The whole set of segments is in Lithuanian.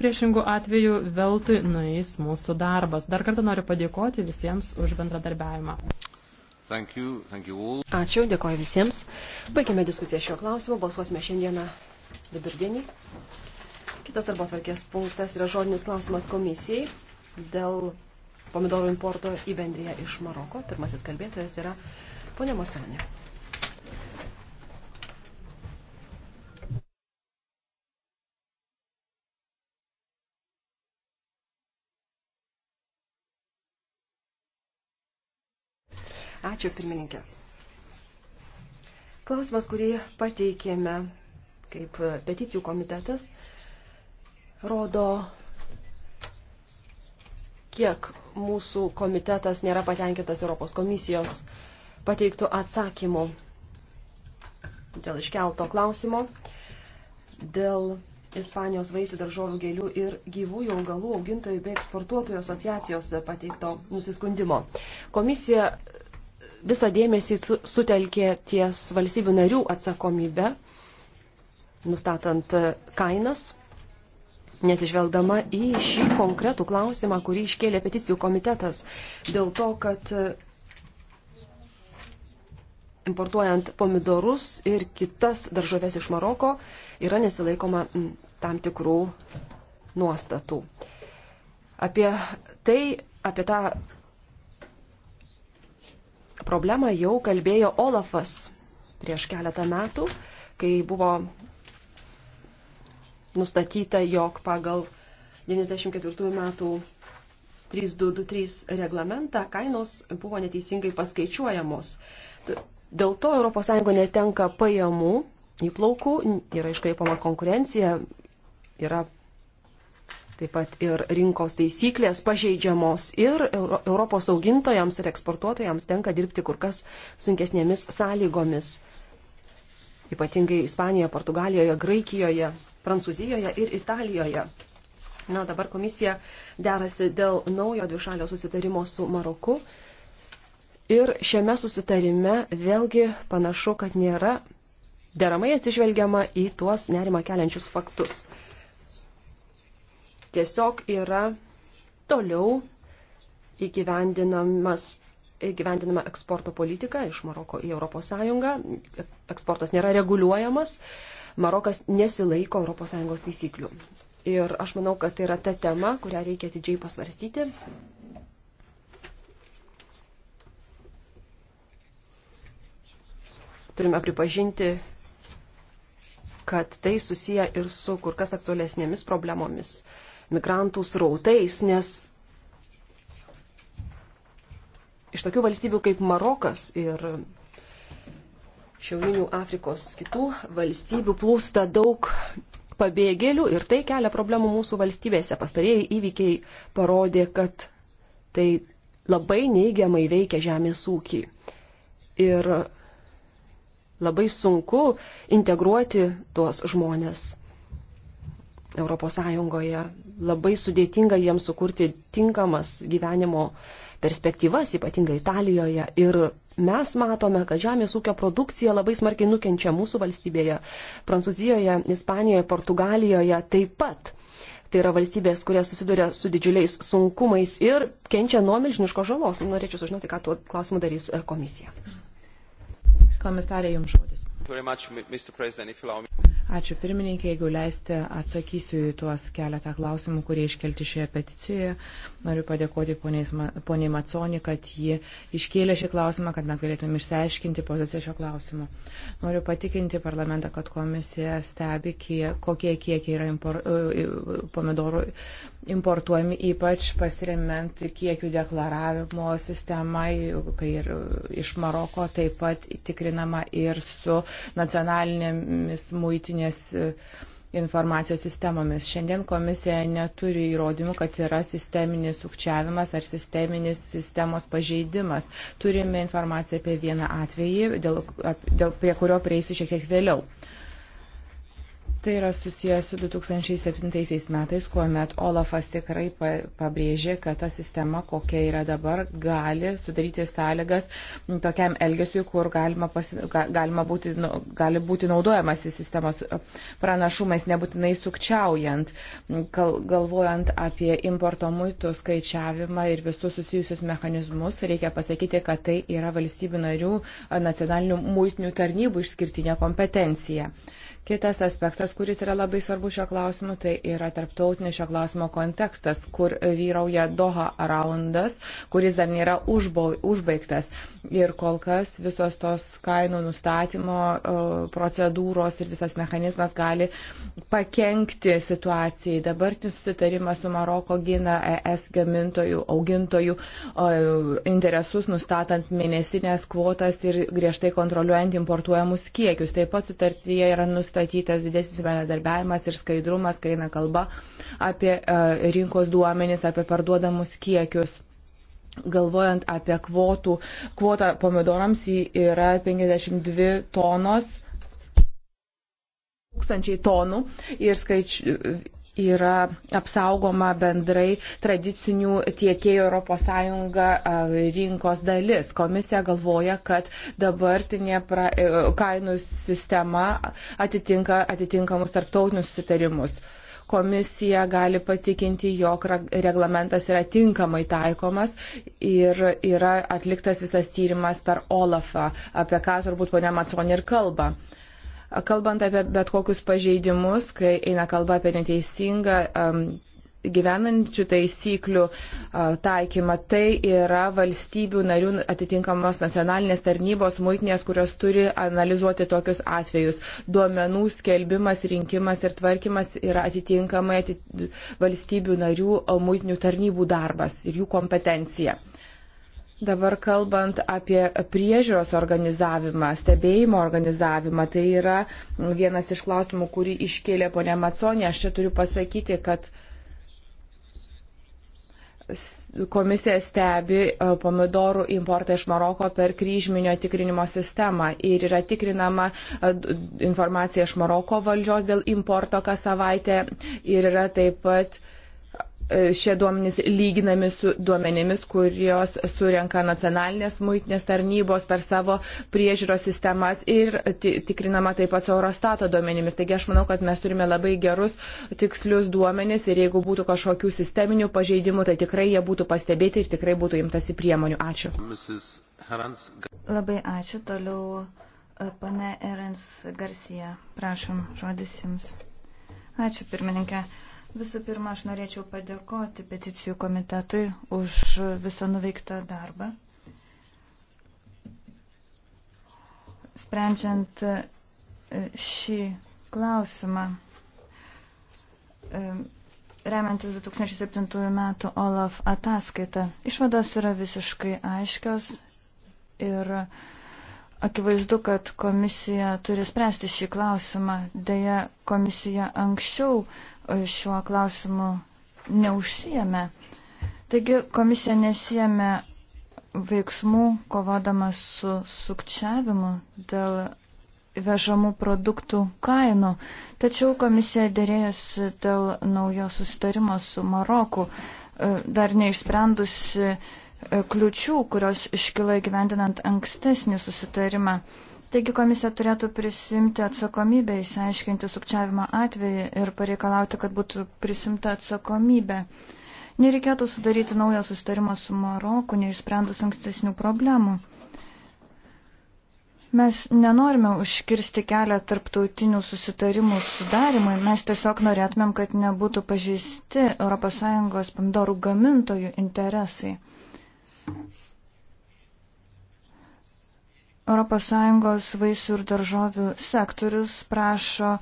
Priešingų atvejų veltui nueis mūsų darbas. Dar kartą noriu padėkoti visiems už bendradarbiavimą. Thank you, thank you all. Ačiū, dėkoju visiems. Baigime diskusiją šiuo klausimu, balsuosime šiandieną vidurdienį. Kitas darbo atvarkės punktas yra žodinis klausimas komisijai dėl pomidorų importo į bendriją iš Maroko. Pirmasis kalbėtojas yra ponė Mocionė. Ačiū, pirmininkė. Klausimas, kurį pateikėme kaip peticijų komitetas, rodo, kiek mūsų komitetas nėra patenkintas Europos komisijos pateiktų atsakymų dėl iškelto klausimo, dėl Ispanijos vaisių daržovių gėlių ir gyvųjų augalų augintojų bei eksportuotojų asociacijos pateikto nusiskundimo. Komisija visą dėmesį sutelkė ties valstybių narių atsakomybę, nustatant e, kainas, nesižvelgdama į šį konkretų klausimą, kurį iškėlė peticijų komitetas, dėl to, kad e, importuojant pomidorus ir kitas daržoves iš Maroko yra nesilaikoma tam tikrų nuostatų. Apie tai, apie tą problemą jau kalbėjo Olafas prieš keletą metų, kai buvo nustatyta, jog pagal 94 metų 3223 reglamentą kainos buvo neteisingai paskaičiuojamos. Dėl to ES netenka pajamų įplaukų, yra iškreipama konkurencija, yra Taip pat ir rinkos taisyklės pažeidžiamos ir Europos augintojams ir eksportuotojams tenka dirbti kur kas sunkesnėmis sąlygomis. Ypatingai Ispanijoje, Portugalijoje, Graikijoje, Prancūzijoje ir Italijoje. Na, dabar komisija derasi dėl naujo dvišalio susitarimo su Maroku. Ir šiame susitarime vėlgi panašu, kad nėra deramai atsižvelgiama į tuos nerima keliančius faktus tiesiog yra toliau įgyvendinamas įgyvendinama eksporto politika iš Maroko į ES. Eksportas nėra reguliuojamas. Marokas nesilaiko ES taisyklių. Ir aš manau, kad tai yra ta tema, kurią reikia atidžiai pasvarstyti. Turime pripažinti, kad tai susiję ir su kur kas aktualesnėmis problemomis migrantų srautais, nes iš tokių valstybių kaip Marokas ir Šiaurinių Afrikos kitų valstybių plūsta daug pabėgėlių ir tai kelia problemų mūsų valstybėse. Pastarėjai įvykiai parodė, kad tai labai neigiamai veikia žemės ūkį. Ir labai sunku integruoti tuos žmonės ES. Labai sudėtinga jiems sukurti tinkamas gyvenimo perspektyvas, ypatingai Italijoje. Ir mes matome, kad žemės ūkio produkcija labai smarkiai nukenčia mūsų valstybėje, Prancūzijoje, Ispanijoje, Portugalijoje taip pat. Tai yra valstybės, kurie susiduria su didžiuliais sunkumais ir kenčia nuo milžiniško žalos. Norėčiau sužinoti, ką tuo klausimu darys e, komisija. Komisarė, jums žodis. Ačiū pirmininkė, jeigu leisite, atsakysiu į tuos keletą klausimų, kurie iškelti šioje peticijoje. Noriu padėkoti poniai Maconi, kad ji iškėlė šį klausimą, kad mes galėtume išsiaiškinti poziciją šio klausimu. Noriu patikinti parlamentą, kad komisija stebi, kiek, kokie kiekiai yra impor, e, pomidorų importuojami, ypač pasiremiant kiekių deklaravimo sistemą, kai ir iš Maroko taip pat tikrinama ir su nacionalinėmis muitinėmis tarptautinės e, informacijos sistemomis. Šiandien komisija neturi įrodymų, kad yra sisteminis sukčiavimas ar sisteminis sistemos pažeidimas. Turime informaciją apie vieną atvejį, dėl, dėl, prie kurio prieisiu šiek tiek vėliau. Uh, Tai yra susijęs su 2007 metais, kuomet Olafas tikrai pabrėžė, kad ta sistema, kokia yra dabar, gali sudaryti sąlygas tokiam elgesiui, kur galima, pasi, galima būti, nu, gali būti naudojamasi sistemos pranašumais, nebūtinai sukčiaujant, galvojant apie importo muitų skaičiavimą ir visus susijusius mechanizmus. Reikia pasakyti, kad tai yra valstybių narių nacionalinių muitinių tarnybų išskirtinė kompetencija. Kitas aspektas, kuris yra labai svarbus šio klausimu, tai yra tarptautinis šio klausimo kontekstas, kur vyrauja Doha raundas, kuris dar nėra užbaigtas. Ir kol kas visos tos kainų nustatymo procedūros ir visas mechanizmas gali pakengti situacijai. Dabartinis susitarimas su Maroko gina ES gamintojų, augintojų interesus, nustatant mėnesinės kvotas ir griežtai kontroliuojant importuojamus kiekius. Taip pat sutartyje yra nustatyta nustatytas didesnis bendradarbiavimas ir skaidrumas, kai eina kalba apie e, rinkos duomenis, apie parduodamus kiekius galvojant apie kvotų, kvotą pomidorams yra 52 tonos, tūkstančiai tonų ir skaič, yra apsaugoma bendrai tradicinių tiekėjų ES rinkos dalis. Komisija galvoja, kad dabartinė pra, e, kainų sistema atitinka atitinkamus tarptautinius sutarimus. Komisija gali patikinti, jog reglamentas yra tinkamai taikomas ir yra atliktas visas tyrimas per OLAFą, apie ką turbūt ponia Maconė ir kalba kalbant apie bet kokius pažeidimus, kai eina kalba apie neteisingą um, gyvenančių taisyklių taikymą. Tai yra valstybių narių atitinkamos nacionalinės tarnybos muitinės, kurios turi analizuoti tokius atvejus. Duomenų skelbimas, rinkimas ir tvarkymas yra atitinkamai atit... valstybių narių muitinių tarnybų darbas ir jų kompetencija. Dabar kalbant apie priežiūros organizavimą, stebėjimo organizavimą, tai yra vienas iš klausimų, kurį iškėlė ponė Maconė. Aš čia turiu pasakyti, kad komisija stebi e, pomidorų importą iš Maroko per kryžminio tikrinimo sistemą ir yra tikrinama e, informacija iš Maroko valdžios dėl importo kas savaitę ir yra taip pat E, šie duomenys lyginami su duomenimis, kurios surenka nacionalinės muitinės tarnybos per savo priežiūros sistemas ir tikrinama taip pat su Eurostato duomenimis. Taigi aš manau, kad mes turime labai gerus, tikslius duomenis ir jeigu būtų kažkokių sisteminių pažeidimų, tai tikrai jie būtų pastebėti ir tikrai būtų imtasi priemonių. Ačiū. Labai ačiū. Toliau e, pane Erens Garcia. Prašom, žodis jums. Ačiū, pirmininkė. Visų pirma, aš norėčiau padėkoti peticijų komitetui už visą nuveiktą darbą. Sprendžiant e, šį klausimą, e, remiantis 2007 metų OLAF ataskaitą, išvados yra visiškai aiškios ir akivaizdu, kad komisija turi spręsti šį klausimą. Deja, komisija anksčiau šiuo klausimu neužsijame. Taigi komisija nesijame veiksmų kovodama su sukčiavimu dėl vežamų produktų kainų. Tačiau komisija dėrėjasi dėl naujo susitarimo su Maroku, e, dar neišsprendusi e, kliučių, kurios iškilo įgyvendinant ankstesnį susitarimą. Taigi komisija turėtų prisimti atsakomybę, įsiaiškinti sukčiavimo atvejį ir pareikalauti, kad būtų prisimta atsakomybė. Nereikėtų sudaryti naują sustarimą su Maroku, neišsprendus ankstesnių problemų. Mes nenorime užkirsti kelią tarptautinių susitarimų sudarimui, mes tiesiog norėtumėm, kad nebūtų pažeisti ES pomidorų gamintojų interesai. ES vaisių ir daržovių sektorius prašo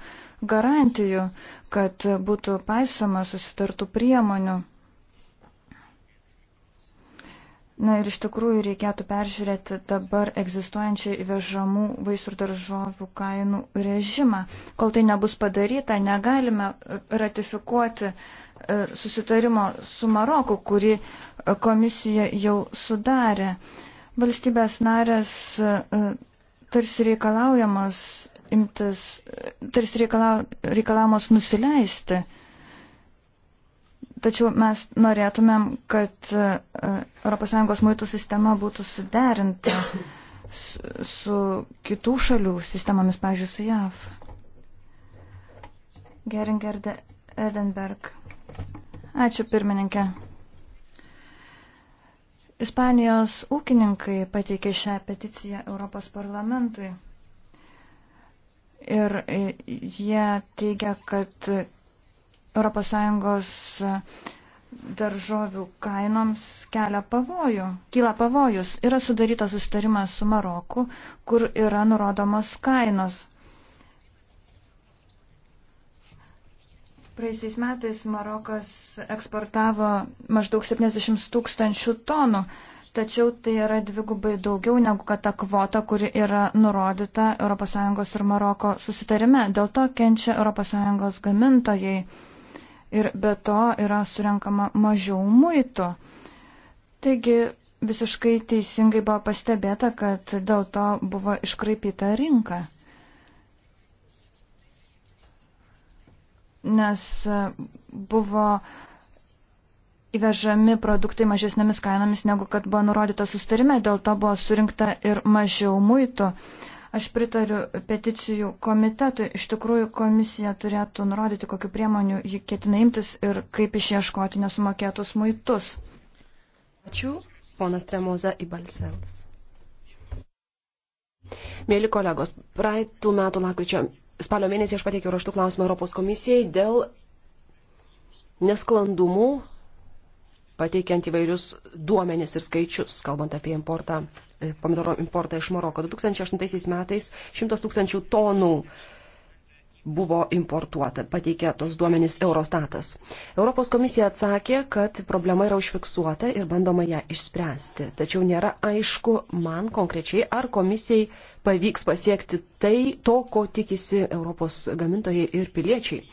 garantijų, kad būtų paisoma susitartų priemonių. Na ir iš tikrųjų reikėtų peržiūrėti dabar egzistuojančią įvežamų vaisių ir daržovių kainų režimą. Kol tai nebus padaryta, negalime ratifikuoti e, susitarimo su Maroku, kurį e, komisija jau sudarė. Valstybės narės e, tarsi reikalaujamos imtis, tarsi reikalau, reikalaujamos nusileisti. Tačiau mes norėtumėm, kad ES muitų sistema būtų suderinta su kitų šalių sistemomis, pažiūrėjau, su JAV. Geringerde Edenberg. Ačiū pirmininkė. Ispanijos ūkininkai pateikė šią peticiją Europos parlamentui. Ir e, jie teigia, kad ES daržovių kainoms kelia pavojų, kyla pavojus. Yra sudarytas susitarimas su Maroku, kur yra nurodomos kainos. Praeisiais metais Marokas eksportavo maždaug 70 tūkstančių tonų, tačiau tai yra dvigubai daugiau negu kad ta kvota, kuri yra nurodyta ES ir Maroko susitarime. Dėl to kenčia ES gamintojai ir be to yra surenkama mažiau muitų. Taigi visiškai teisingai buvo pastebėta, kad dėl to buvo iškraipyta rinka. nes e, buvo įvežami produktai mažesnėmis kainomis, negu kad buvo nurodyta sustarime, dėl to buvo surinkta ir mažiau muitų. Aš pritariu peticijų komitetui, iš tikrųjų komisija turėtų nurodyti, kokiu priemoniu ji ketina imtis ir kaip išieškoti nesumokėtus muitus. Ačiū, ponas Tremoza Ibalsels. Mėly kolegos, praeitų metų lakryčio spalio mėnesį aš pateikiau raštų klausimą Europos komisijai dėl nesklandumų pateikiant įvairius duomenis ir skaičius, kalbant apie importą, e, pomidoro importą iš Maroko. 2008 metais 100 tūkstančių tonų buvo importuota, pateikė tos duomenys Eurostatas. Europos komisija atsakė, kad problema yra užfiksuota ir bandoma ją išspręsti. Tačiau nėra aišku man konkrečiai, ar komisijai pavyks pasiekti tai, to, ko tikisi Europos gamintojai ir piliečiai.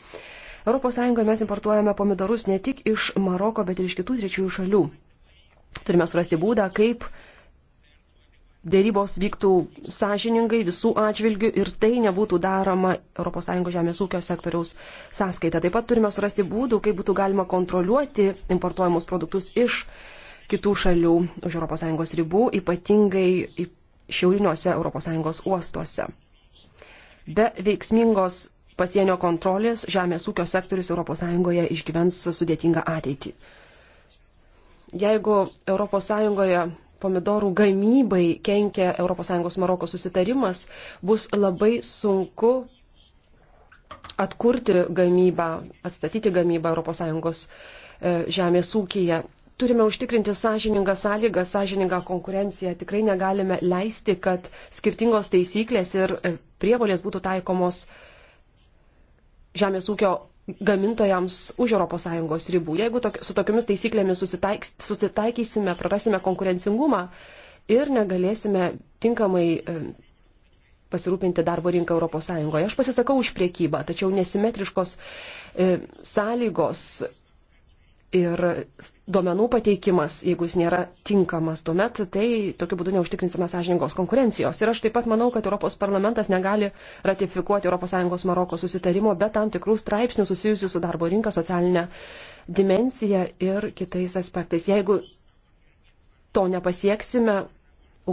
ES mes importuojame pomidorus ne tik iš Maroko, bet ir iš kitų trečiųjų šalių. Turime surasti būdą, kaip uh, dėrybos vyktų sąžiningai visų atžvilgių ir tai nebūtų daroma ES žemės ūkio sektoriaus sąskaita. Taip pat turime surasti būdų, kaip būtų galima kontroliuoti importuojamus produktus iš kitų šalių už ES ribų, ypatingai šiauriniuose ES uostuose. Be veiksmingos pasienio kontrolės žemės ūkio sektorius ES išgyvens sudėtingą ateitį. Jeigu ES pomidorų gamybai kenkia ES Maroko susitarimas, bus labai sunku atkurti gamybą, atstatyti gamybą ES e, žemės ūkyje. Turime užtikrinti sąžiningą sąlygą, sąžiningą konkurenciją. Tikrai negalime leisti, kad skirtingos taisyklės ir e, prievolės būtų taikomos žemės ūkio gamintojams už ES ribų. Jeigu tok, su tokiamis taisyklėmis susitaikysime, prarasime konkurencingumą ir negalėsime tinkamai e, pasirūpinti darbo rinką ES. Aš pasisakau už priekybą, tačiau nesimetriškos e, sąlygos ir duomenų pateikimas, jeigu jis nėra tinkamas, tuomet tai tokiu būdu neužtikrinsime sąžiningos konkurencijos. Ir aš taip pat manau, kad Europos parlamentas negali ratifikuoti ES Maroko susitarimo be tam tikrų straipsnių susijusių su darbo rinka, socialinė dimencija ir kitais aspektais. Jeigu to nepasieksime,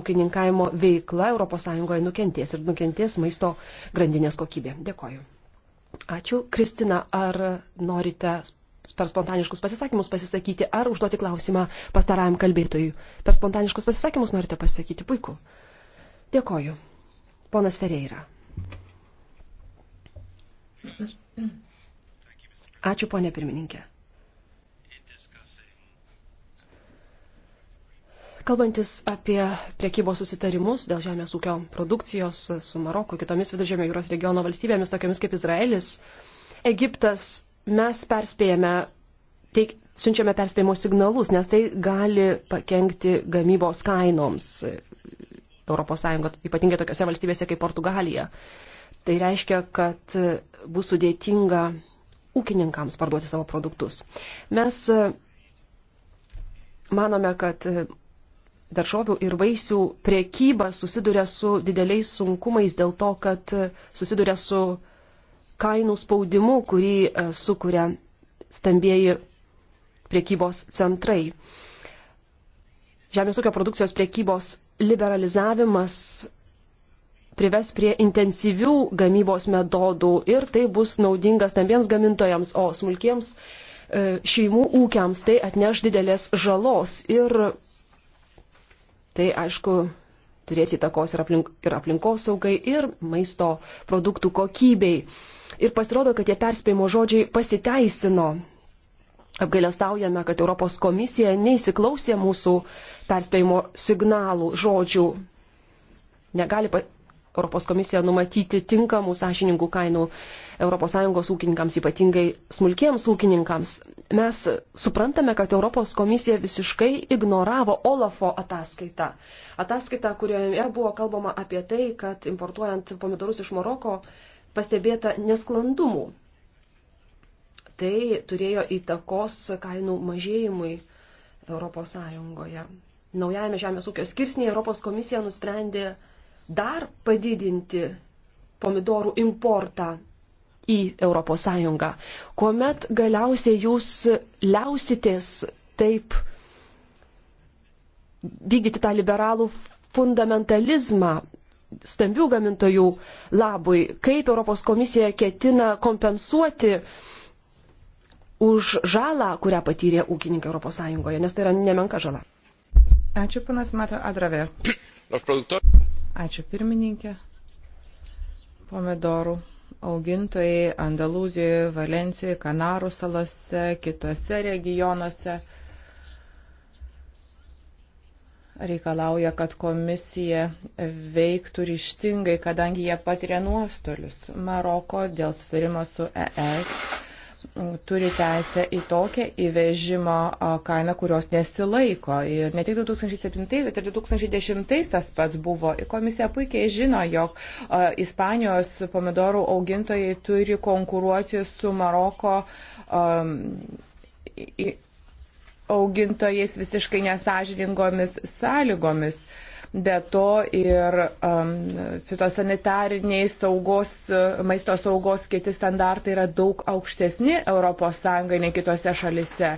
ūkininkavimo veikla ES nukentės ir nukentės maisto grandinės kokybė. Dėkoju. Ačiū. Kristina, ar norite per spontaniškus pasisakymus pasisakyti ar užduoti klausimą pastarajam kalbėtojui. Per spontaniškus pasisakymus norite pasisakyti. Puiku. Dėkoju. Ponas Ferreira. Ačiū, ponė pirmininkė. Kalbantis apie priekybos susitarimus dėl žemės ūkio produkcijos su Maroku, kitomis viduržėmio jūros regiono valstybėmis, tokiamis kaip Izraelis, Egiptas mes perspėjame, teik, siunčiame perspėjimo signalus, nes tai gali pakengti gamybos kainoms ES, ypatingai tokiose valstybėse kaip Portugalija. Tai reiškia, kad bus sudėtinga ūkininkams parduoti savo produktus. Mes e, manome, kad e, daržovių ir vaisių priekyba susiduria su dideliais sunkumais dėl to, kad e, susiduria su kainų spaudimu, kurį e, sukuria stambieji priekybos centrai. Žemės ūkio produkcijos priekybos liberalizavimas prives prie intensyvių gamybos metodų ir tai bus naudinga stambiems gamintojams, o smulkiems e, šeimų ūkiams tai atneš didelės žalos ir tai aišku turės įtakos ir, aplink, ir aplinkos saugai, ir maisto produktų kokybei. Ir pasirodo, kad tie perspėjimo žodžiai pasiteisino. Apgailestaujame, kad Europos komisija neįsiklausė mūsų perspėjimo signalų žodžių. Negali Europos komisija numatyti tinkamų sąžiningų kainų ES ūkininkams, ypatingai smulkiems ūkininkams. Mes suprantame, kad Europos komisija visiškai ignoravo Olafo ataskaitą. Ataskaitą, kurioje buvo kalbama apie tai, kad importuojant pomidorus iš Maroko, pastebėta nesklandumų. Tai turėjo įtakos kainų mažėjimui ES. Naujajame žemės ūkio skirsnėje Europos komisija nusprendė dar padidinti pomidorų importą į ES, kuomet galiausiai jūs liausitės taip vykdyti tą liberalų fundamentalizmą, stambių gamintojų labui, kaip Europos komisija ketina kompensuoti už žalą, kurią patyrė ūkininkai Europos Sąjungoje, nes tai yra nemenka žala. Ačiū, panas Mato Adraver. Ačiū, pirmininkė. Pomidorų augintojai Andalūzijoje, Valencijoje, Kanarų salose, kitose regionuose reikalauja, kad komisija veiktų ryštingai, kadangi jie patiria nuostolius. Maroko dėl sutarimo su ES turi teisę į tokią įvežimo kainą, kurios nesilaiko. Ir ne tik 2007, bet ir 2010 tas pats buvo. Komisija puikiai žino, jog Ispanijos pomidorų augintojai turi konkuruoti su Maroko um, augintojais visiškai nesažiningomis sąlygomis. Be to ir um, fitosanitariniai saugos, maisto saugos kiti standartai yra daug aukštesni ES nei kitose šalise.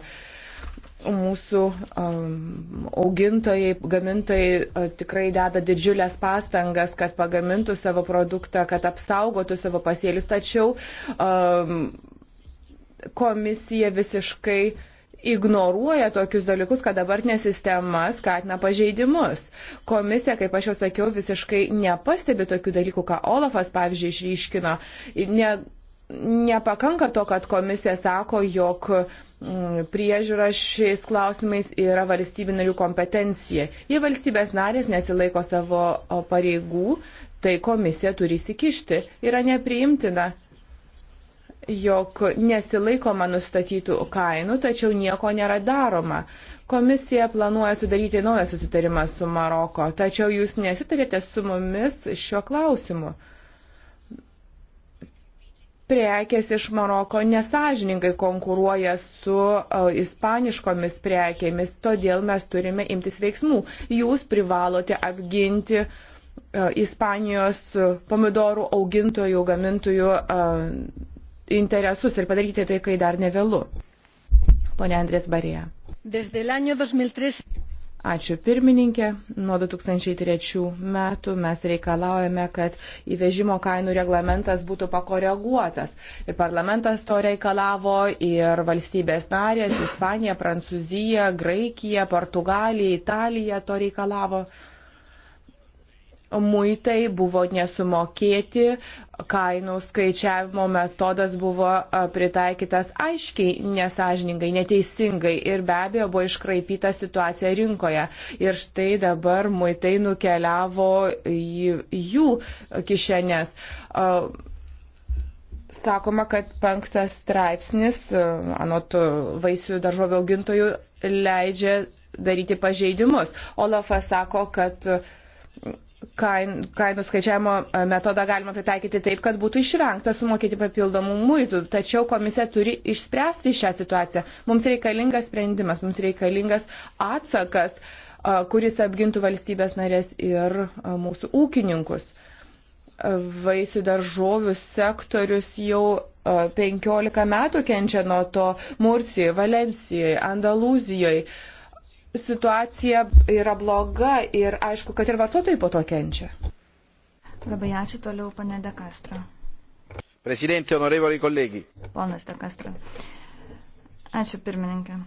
Mūsų um, augintojai, gamintojai uh, tikrai deda didžiulės pastangas, kad pagamintų savo produktą, kad apsaugotų savo pasėlius, tačiau um, komisija visiškai uh, ignoruoja tokius dalykus, kad dabartinė sistema skatina pažeidimus. Komisija, kaip aš jau sakiau, visiškai nepastebi tokių dalykų, ką Olafas, pavyzdžiui, išryškino. Ne, nepakanka to, kad komisija sako, jog mm, priežiūra šiais klausimais yra valstybių narių kompetencija. Jei valstybės narės nesilaiko savo pareigų, tai komisija turi įsikišti. Yra nepriimtina jog nesilaikoma nustatytų kainų, tačiau nieko nėra daroma. Komisija planuoja sudaryti naują susitarimą su Maroko, tačiau jūs nesitarėte su mumis šiuo klausimu. Prekės iš Maroko nesažiningai konkuruoja su o, ispaniškomis prekėmis, todėl mes turime imtis veiksmų. Jūs privalote apginti o, Ispanijos pomidorų augintojų, gamintojų o, interesus ir padaryti tai, kai dar nevėlu. Pone Andrės Barėja. Ačiū pirmininkė. Nuo 2003 metų mes reikalaujame, kad įvežimo kainų reglamentas būtų pakoreguotas. Ir parlamentas to reikalavo, ir valstybės narės, Ispanija, Prancūzija, Graikija, Portugalija, Italija to reikalavo muitai buvo nesumokėti, kainų skaičiavimo metodas buvo pritaikytas aiškiai nesažiningai, neteisingai ir be abejo buvo iškraipyta situacija rinkoje. Ir štai dabar muitai nukeliavo į jų kišenės. Sakoma, kad penktas straipsnis, anot vaisių daržovio augintojų, leidžia daryti pažeidimus. Olafas sako, kad uh, kain, kainų skaičiavimo e, metodą galima pritaikyti taip, kad būtų išvengta sumokėti papildomų muitų. Tačiau komisija turi išspręsti šią situaciją. Mums reikalingas sprendimas, mums reikalingas atsakas, e, kuris apgintų valstybės narės ir e, mūsų ūkininkus. Vaisių daržovių sektorius jau 15 metų kenčia nuo to Murcijoje, Valencijoje, Andalūzijoje situacija yra bloga ir aišku, kad ir vartotojai po to kenčia. Labai ačiū toliau, pane De Castro. Prezidentė, onorevoli kolegi. Ponas De Castro. Ačiū pirmininkė.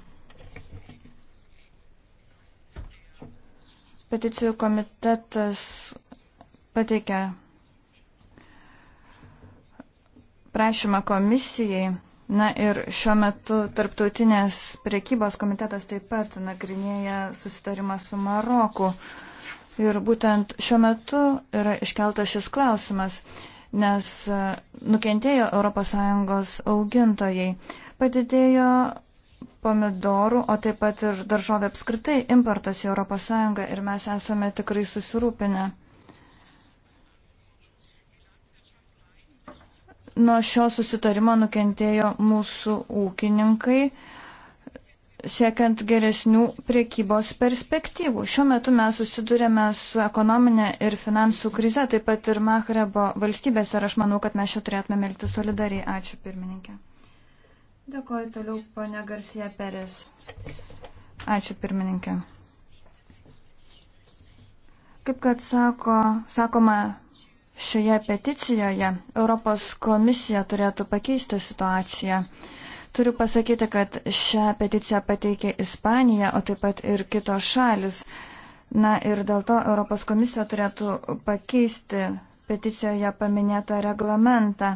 Peticijų komitetas pateikė prašymą komisijai Na ir šiuo metu Tarptautinės priekybos komitetas taip pat nagrinėja susitarimą su Maroku. Ir būtent šiuo metu yra iškeltas šis klausimas, nes e, nukentėjo ES augintojai, padidėjo pomidorų, o taip pat ir daržovė apskritai importas į ES ir mes esame tikrai susirūpinę. Nuo šio susitarimo nukentėjo mūsų ūkininkai siekiant geresnių priekybos perspektyvų. Šiuo metu mes susidurėme su ekonominė ir finansų krize, taip pat ir Mahrebo valstybės ir aš manau, kad mes čia turėtume elgti solidariai. Ačiū pirmininkė. Dėkuoju toliau, ponia Garcia Perez. Ačiū pirmininkė. Kaip kad sako, sakoma šioje peticijoje Europos komisija turėtų pakeisti situaciją. Turiu pasakyti, kad šią peticiją pateikė Ispanija, o taip pat ir kitos šalis. Na ir dėl to Europos komisija turėtų pakeisti peticijoje paminėtą reglamentą.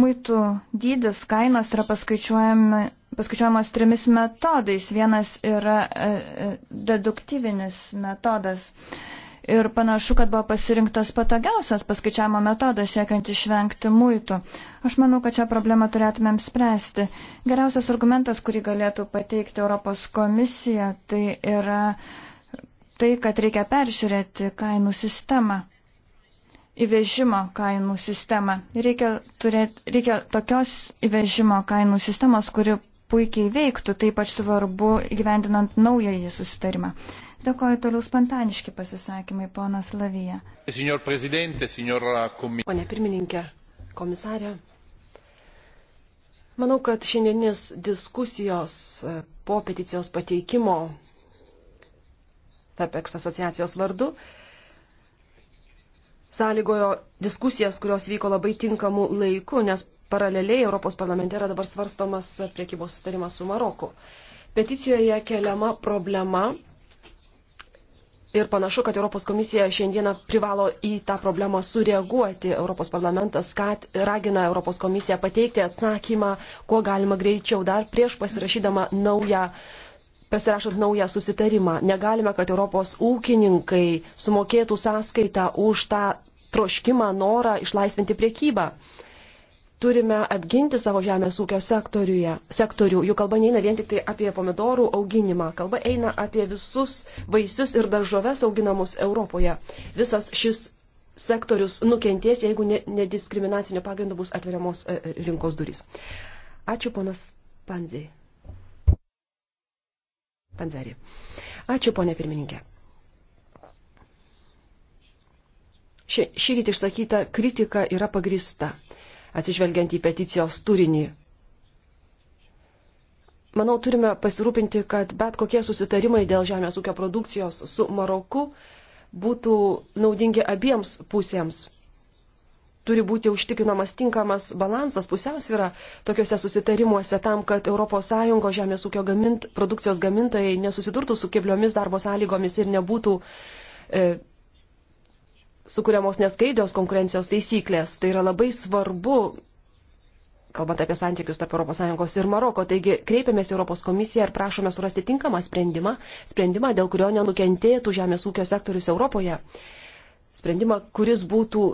Muitų dydis kainos yra paskaičiuojami paskaičiuojamos trimis metodais. Vienas yra e, e, deduktyvinis metodas. Ir panašu, kad buvo pasirinktas patogiausias paskaičiavimo metodas, siekiant išvengti muitų. Aš manau, kad šią problemą turėtumėm spręsti. Geriausias argumentas, kurį galėtų pateikti Europos komisija, tai yra tai, kad reikia peržiūrėti kainų sistemą įvežimo kainų sistemą. Reikia, turėti, reikia tokios įvežimo kainų sistemos, kuri puikiai veiktų, taip pat svarbu gyvendinant naująjį susitarimą. Dėkoju toliau spontaniški pasisakymai, ponas Lavija. Pone pirmininkė, komisarė, manau, kad šiandienis diskusijos e, po peticijos pateikimo FEPEX asociacijos vardu sąlygojo diskusijas, kurios vyko labai tinkamu laiku, nes paraleliai Europos parlamente yra dabar svarstomas priekybos sustarimas su Maroku. Peticijoje keliama problema ir panašu, kad Europos komisija šiandieną privalo į tą problemą sureaguoti. Europos parlamentas skat, ragina Europos komisiją pateikti atsakymą, kuo galima greičiau dar prieš pasirašydama naują pasirašant naują susitarimą. Negalime, kad Europos ūkininkai sumokėtų sąskaitą už tą troškimą, norą išlaisvinti priekybą turime apginti savo žemės ūkio sektorių. Jų kalba neina vien tik tai apie pomidorų auginimą, kalba eina apie visus vaisius ir daržoves auginamus Europoje. Visas šis sektorius nukentės, jeigu nediskriminaciniu pagrindu bus atveriamos e, e, rinkos durys. Ačiū, ponas Panzė. Panzerį. Ačiū, ponė pirmininkė. Šį, šį rytį išsakyta kritika yra pagrįsta atsižvelgiant į peticijos turinį. Manau, turime pasirūpinti, kad bet kokie susitarimai dėl žemės ūkio produkcijos su Maroku būtų naudingi abiems pusėms. Turi būti užtikrinamas tinkamas balansas, pusiausvyra tokiuose susitarimuose tam, kad ES žemės ūkio gamint, produkcijos gamintojai nesusidurtų su kebliomis darbo sąlygomis ir nebūtų e, sukūriamos neskaidrios konkurencijos taisyklės. Tai yra labai svarbu, kalbant apie santykius tarp ES ir Maroko. Taigi kreipiamės Europos komisiją ir prašome surasti tinkamą sprendimą, sprendimą, dėl kurio nenukentėtų žemės ūkio sektorius Europoje. Sprendimą, kuris būtų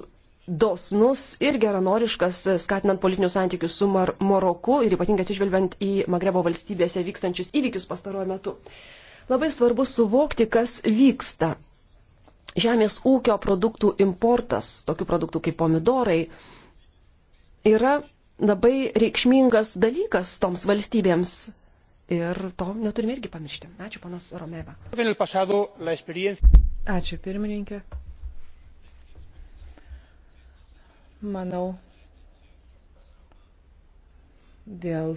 dosnus ir geranoriškas, skatinant politinius santykius su Mar Maroku ir ypatingai atsižvelgiant į Magrebo valstybėse vykstančius įvykius pastaruoju metu. Labai svarbu suvokti, kas vyksta žemės ūkio produktų importas, tokių produktų kaip pomidorai, yra labai reikšmingas dalykas toms valstybėms. Ir to neturime irgi pamiršti. Ačiū, panas Romeva. Ačiū, pirmininkė. Manau, dėl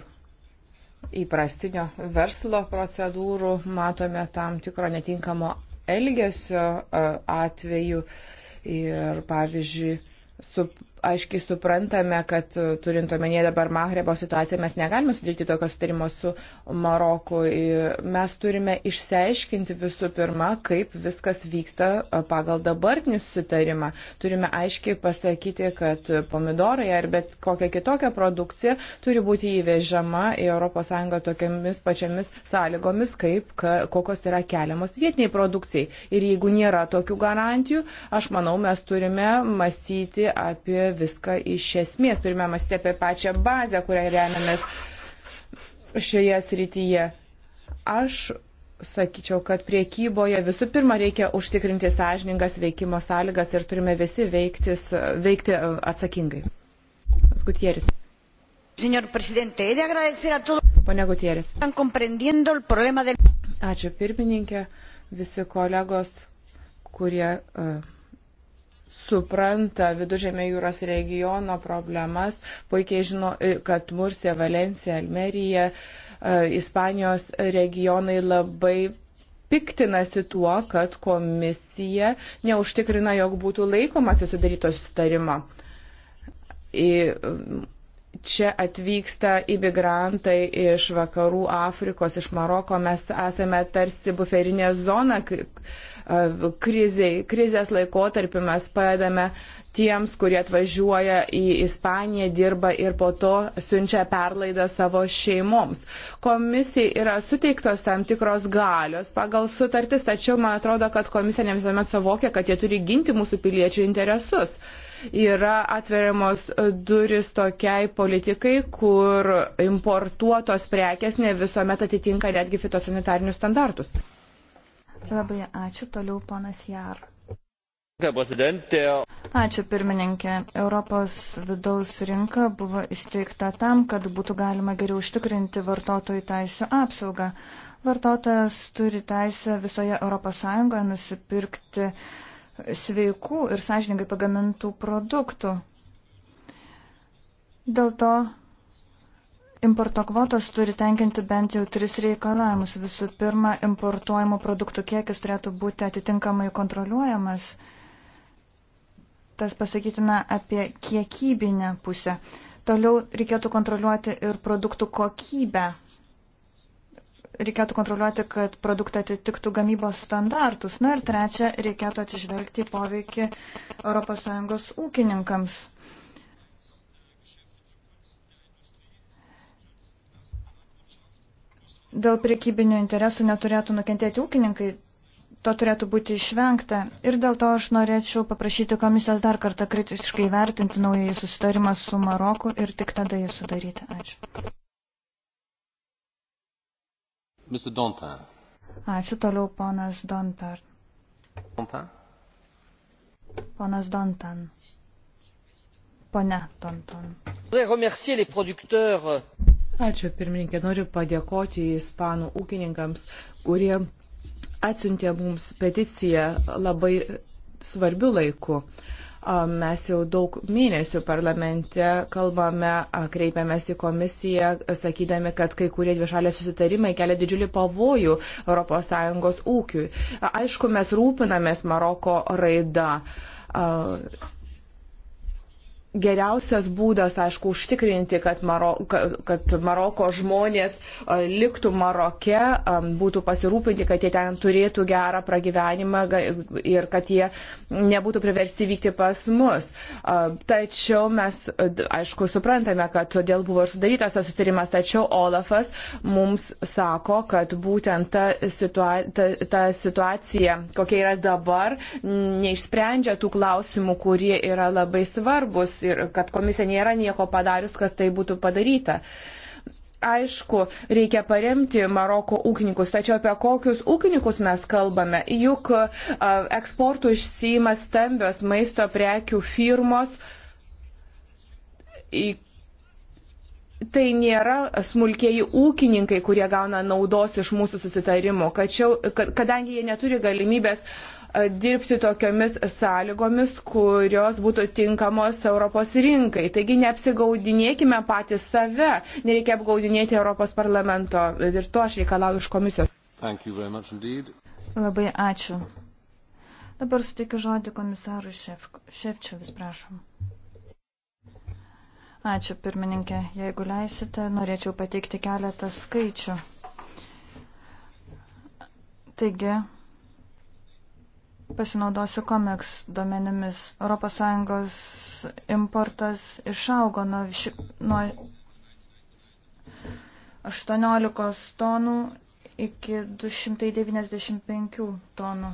įprastinio verslo procedūrų matome tam tikro netinkamo elgesio atveju ir, pavyzdžiui, su aiškiai suprantame, kad e, turint omenyje dabar Mahrebo situaciją, mes negalime sudaryti tokio sutarimo su Maroku. Mes turime išsiaiškinti visų pirma, kaip viskas vyksta e, pagal dabartinį susitarimą. Turime aiškiai pasakyti, kad pomidorai ar bet kokia kitokia produkcija turi būti įvežama į ES tokiamis pačiamis sąlygomis, kaip kokios yra keliamos vietiniai produkcijai. Ir jeigu nėra tokių garantijų, aš manau, mes turime mąstyti apie apie viską iš esmės, turime mąstyti apie pačią bazę, kurią remiamės šioje srityje. Aš sakyčiau, kad priekyboje visų pirma reikia užtikrinti sąžiningas veikimo sąlygas ir turime visi veiktis, veikti e, atsakingai. Gutieris. Pone Gutieris. Ačiū pirmininkė, visi kolegos, kurie. Uh, supranta Vidužėmė jūros regiono problemas, puikiai žino, e, kad Mursija, Valencija, Almerija, e, Ispanijos regionai labai piktinasi tuo, kad komisija neužtikrina, jog būtų laikomasi sudaryto sustarimo. Čia atvyksta imigrantai iš vakarų Afrikos, iš Maroko, mes esame tarsi buferinė zona, krizei, krizės laikotarpiu mes padedame tiems, kurie atvažiuoja į Ispaniją, dirba ir po to siunčia perlaidą savo šeimoms. Komisijai yra suteiktos tam tikros galios pagal sutartis, tačiau man atrodo, kad komisija ne visuomet suvokia, kad jie turi ginti mūsų piliečių interesus yra atveriamos duris tokiai politikai, kur importuotos prekes ne visuomet atitinka netgi fitosanitarinius standartus. Labai ačiū. Toliau ponas Jar. Ačiū pirmininkė. Europos vidaus rinka buvo įsteigta tam, kad būtų galima geriau užtikrinti vartotojų teisų apsaugą. Vartotojas turi teisę visoje ES nusipirkti sveikų ir sąžininkai pagamintų produktų. Dėl to Importo kvotos turi tenkinti bent jau tris reikalavimus. Visų pirma, importuojamų produktų kiekis turėtų būti atitinkamai kontroliuojamas. Tas pasakytina apie kiekybinę pusę. Toliau reikėtų kontroliuoti ir produktų kokybę. Reikėtų kontroliuoti, kad produktai atitiktų gamybos standartus. Na ir trečia, reikėtų atsižvelgti poveikį ES ūkininkams. dėl priekybinių interesų neturėtų nukentėti ūkininkai, to turėtų būti išvengta. Ir dėl to aš norėčiau paprašyti komisijos dar kartą kritiškai vertinti naująjį susitarimą su Maroku ir tik tada jį sudaryti. Ačiū. Ačiū toliau ponas Donper. Dontan? Ponas Dontan. Pone Dontan. Ačiū, pirmininkė. Noriu padėkoti ispanų ūkininkams, kurie atsiuntė mums peticiją labai svarbiu laiku. Mes jau daug mėnesių parlamente kalbame, kreipiamės į komisiją, sakydami, kad kai kurie dvišalės susitarimai kelia didžiulį pavojų ES ūkiui. Aišku, mes rūpinamės Maroko raida geriausias būdas, aišku, užtikrinti, kad, Maro, kad Maroko žmonės liktų Maroke, būtų pasirūpinti, kad jie ten turėtų gerą pragyvenimą ir kad jie nebūtų priversti vykti pas mus. Tačiau mes, aišku, suprantame, kad todėl buvo ir sudarytas tas sutarimas, tačiau Olafas mums sako, kad būtent ta, situa ta, ta situacija, kokia yra dabar, neišsprendžia tų klausimų, kurie yra labai svarbus ir kad komisija nėra nieko padarius, kad tai būtų padaryta aišku, reikia paremti Maroko ūkininkus, tačiau apie kokius ūkininkus mes kalbame. Juk eksportų išsima stambios maisto prekių firmos. Tai nėra smulkieji ūkininkai, kurie gauna naudos iš mūsų susitarimų, kačiau, kadangi jie neturi galimybės uh, dirbti tokiomis sąlygomis, kurios būtų tinkamos Europos rinkai. Taigi neapsigaudinėkime patys save, nereikia apgaudinėti Europos parlamento ir to aš reikalauju iš komisijos. Labai ačiū. Dabar suteikiu žodį komisarui šef, Šefčiovis, prašom. Ačiū, pirmininkė. Jeigu leisite, norėčiau pateikti keletą skaičių. Taigi, Pasinaudosiu COMEX duomenimis. ES importas išaugo nuo, ši, nuo 18 tonų iki 295 tonų.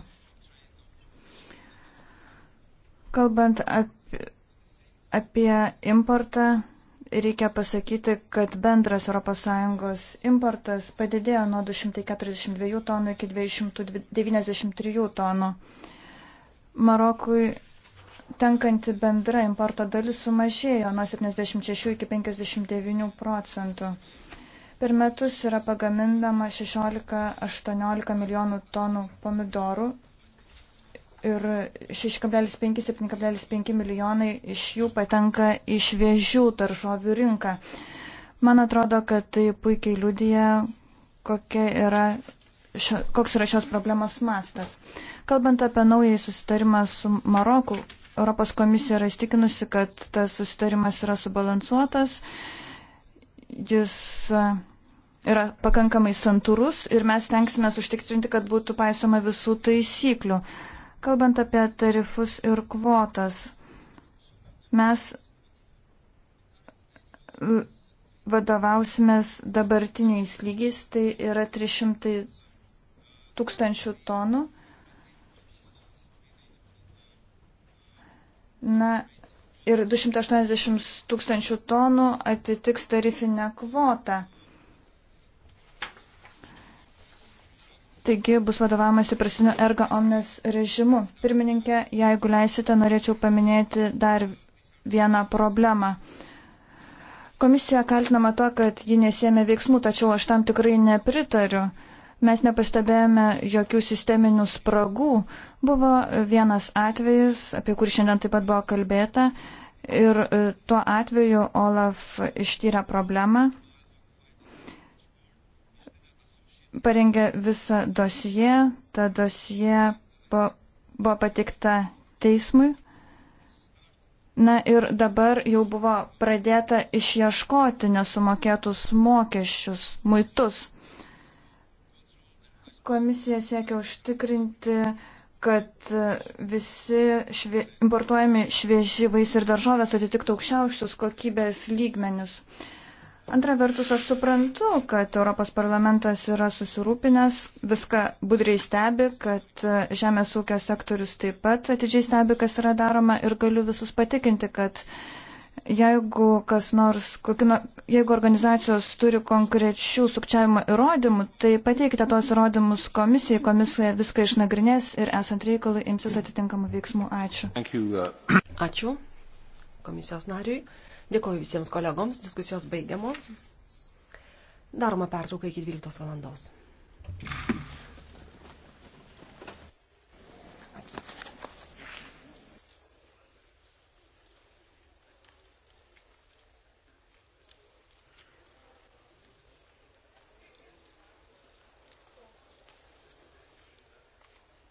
Kalbant apie, apie importą, reikia pasakyti, kad bendras ES importas padidėjo nuo 242 tonų iki 293 tonų. Marokui tenkanti bendra importo dalis sumažėjo nuo 76 iki 59 procentų. Per metus yra pagamindama 16-18 milijonų tonų pomidorų, ir 6,5-7,5 milijonai iš jų patenka į šviežių daržovių rinką. Man atrodo, kad tai puikiai liudija, kokia yra šio, koks yra šios problemos mastas. Kalbant apie naująjį susitarimą su Maroku, Europos komisija yra įstikinusi, kad tas susitarimas yra subalansuotas, jis yra pakankamai santūrus ir mes tenksime užtikrinti, kad būtų paisoma visų taisyklių. Kalbant apie tarifus ir kvotas, mes vadovausimės dabartiniais lygiais, tai yra 300 tūkstančių tonų. Na ir 280 tūkstančių tonų atitiks tarifinę kvotą. taigi bus vadovamasi prasiniu ergo omnes režimu. Pirmininkė, jeigu leisite, norėčiau paminėti dar vieną problemą. Komisija kaltinama to, kad ji nesėmė veiksmų, tačiau aš tam tikrai nepritariu. Mes nepastebėjome jokių sisteminių spragų. Buvo vienas atvejis, apie kurį šiandien taip pat buvo kalbėta, ir e, tuo atveju Olaf ištyrė problemą parengė visą dosiją, ta dosija buvo patikta teismui. Na ir dabar jau buvo pradėta išieškoti nesumokėtus mokesčius, muitus. Komisija siekia užtikrinti, kad visi švie, importuojami švieži vaisiai ir daržovės atitiktų aukščiausius kokybės lygmenius. Uh, Antra vertus, aš suprantu, kad Europos parlamentas yra susirūpinęs, viską budriai stebi, kad e, žemės ūkio sektorius taip pat atidžiai stebi, kas yra daroma ir galiu visus patikinti, kad jeigu kas nors, kokino, jeigu organizacijos turi konkrečių sukčiavimo įrodymų, tai pateikite tos įrodymus komisijai, komisija viską išnagrinės ir esant reikalui imsis atitinkamų veiksmų. Ačiū. Uh, Ačiū komisijos nariui. Dėkuoju visiems kolegoms, diskusijos baigiamos. Daroma pertrauka iki 12 valandos.